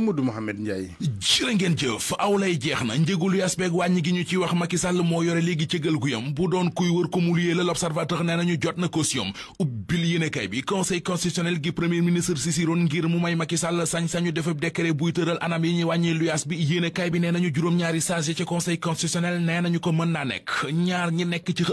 Modou Mohamed Ndiaye jërë ngeen jëf aw lay jeex na njëgul yaas beeg wàññi gi ñu ci wax Macky moo yore léegi cëgal guyam bu doon kuy wër ko mu la l'observateur nee nañu jot na caution ubbil yéenekaay bi conseil constitutionnel gi premier ministre Cissé ngir mu may Macky sañ-sañu defeb décret buy tëral anam yi wàññi luyaas bi yéenekaay bi nee nañu juróom-ñaari sage ci conseil constitutionnel nee nañu ko mën naa nekk ñaar ñi nekk ci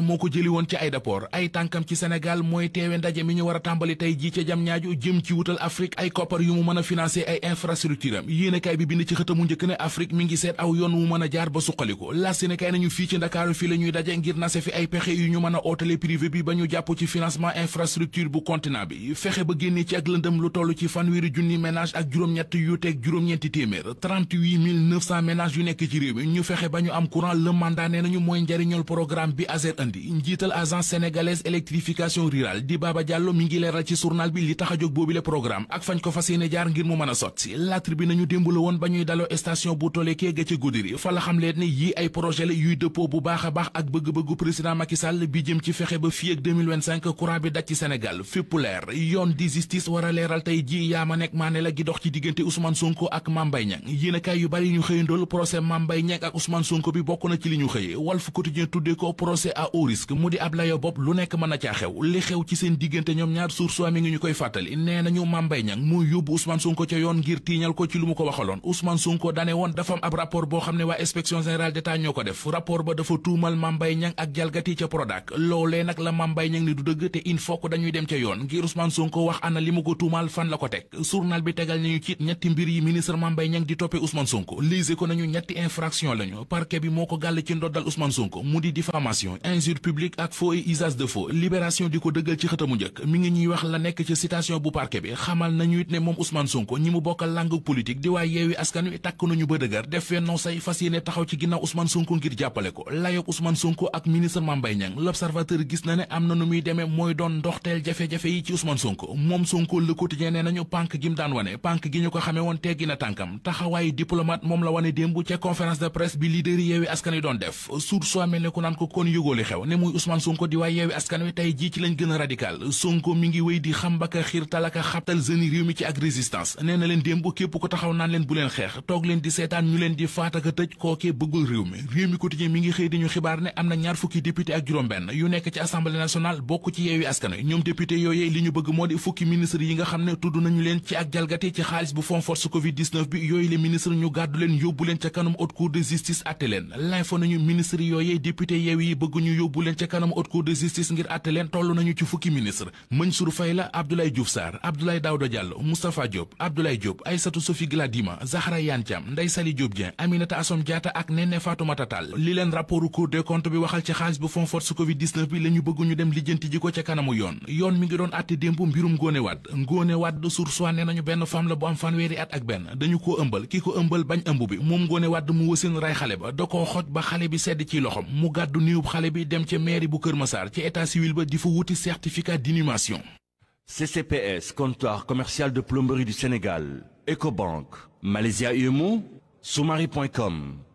moo ko jëli woon ci aéroport ay tànkam ci Sénégal mooy teewe ndaje mi ñu war a tàmbali tey jii ca jam ñaaju jëm ci wutal Afrique ay koppar yu mu mën a financer ay infrastructure am yéenekaay bi bind ci xëtamu njëkk ne Afrique mi ngi seet aw yoon wu mën a jaar ba suqaliku la Sénégal nañu fii ci Ndakaaru fii la ñuy daje ngir nase fi ay pexe yu ñu mën a ootale privé bi ba ñu jàpp ci financement infrastructure bu continent bi fexe ba génne ci ak lëndëm lu toll ci fanweeri junni ménage ak juróom-ñett yu juróom-ñetti téeméer 38 900 ménages yu nekk ci réew mi ñu fexe ba ñu am courant le mandat nee nañu mooy njariñol programme bi ASER Andi njiital agence sénégalaise électrification rurale di Baba Diallo mi ngi leeral ci journal bi li tax a jóg boobile programme ak fañ ko fas yéene ngir mu mën sotti la tribune nañu démb la woon ba ñuy daloo station bu tolekee ga ci Goudiri fa xam leen yii ay projet la yuy dëppoo bu baax a baax ak bëgg-bëggu président Macky bi jëm ci fexe ba fii ak courant bi daj ci Sénégal fépp leer yoon di justice war leeral tey ji yaa ma nekk maane gi dox au risque mu di Ablaye Bob lu nekk mën na xew li xew ci seen diggante ñoom ñaar source mi ngi ñu koy fàttali nee nañu Mame Mbaye Niang mu yóbbu Ousmane Sonko ca yoon ngir tiiñal ko ci lu mu ko waxaloon Ousmane Sonko dane woon dafa am ab rapport boo xam ne waa inspection générale d'État ñoo ko def rapport ba dafa tuumal Mame Mbaye ak jalgati ca Prodac loolee nag la Mame Mbaye ni du dëgg te il faut dañuy dem ca yoon ngir Ousmane Sonko wax ana li mu ko mesure publique ak faux et usage de faux libération di ko dëggal ci xëtamu njëkk mi ngi ñuy wax la nekk ci citation bu parquet bi xamal nañu it ne moom Ousmane Sonko ñi mu bokkal langue politique di waaye yeewi askan wi tàkk nañu ba dëgër def fee non say fas yéene taxaw ci ginnaaw Ousmane Sonko ngir jàppale ko layoog Ousmane Sonko ak ministre Mame Mbaye l'observateur gis na ne am na nu muy demee mooy doon ndoxteel jafe-jafe yi ci Ousmane Sonko moom Sonko la ko kon xew ne muy Ousmane Sonko di waay yeewi askan wi tey jii ci lañ gën a radical Sonko mi ngi wéy di xambaka xiirtal ak xabtal jeunes réew mi ci ak résistance nee na leen démb képp ko taxaw naan leen bu leen xeex toog leen di seetaan ñu leen di faat ak a tëj kookee bëggul réew mi réew mi quotidien mi ngi xëy di ñu xibaar ne am na ñaar fukki député ak juróom-benn yu nekk ci assemblée nationale bokk ci yeewi askan wi ñoom député yooyee li ñu bëgg moo di fukki yi nga xam ne tudd nañu leen ci ak jalgati ci bu fond force covid 19 bi yooyu le ministre ñu gàddu leen yóbbu leen ca kanam haute cour de justice àtte leen l'info nañu ministre yooyee député yeewi yi bëgg yóbbu leen ca kanam haute cour de justice ngir àtte leen toll nañu ci fukki ministre Mansour Faye la Abdoulaye Diouf Sarr Abdoulaye Daouda Diallo Moustapha Diop Abdoulaye Diop Aïssatou Sophie Gladima Zahra Iyane Thiam Ndeye Saly Diop Dieng Aminata Assome Diatta ak Néné Fatoumata Tall li leen rapportu cour des comptes bi waxal ci xaalis bu fond force covid bi la ñu ñu dem lijjanti ji ca kanamu yoon yoon mi ngi doon àtte démb mbirum Ngóone Wàdd Ngóone Wàdd sursoi benn femme la bu am fanweeri at ak benn ko ëmbal bañ ëmb bi moom Ngóone Wàdd mu wësin ray xale ba da bi sedd ci dem ca mairi bu Kër Massar ci état civil di fa wuti certificat d'inhumation. CCPS comptoir commercial de plomberie du Sénégal Ecobank Malaysia UMO Soumari.com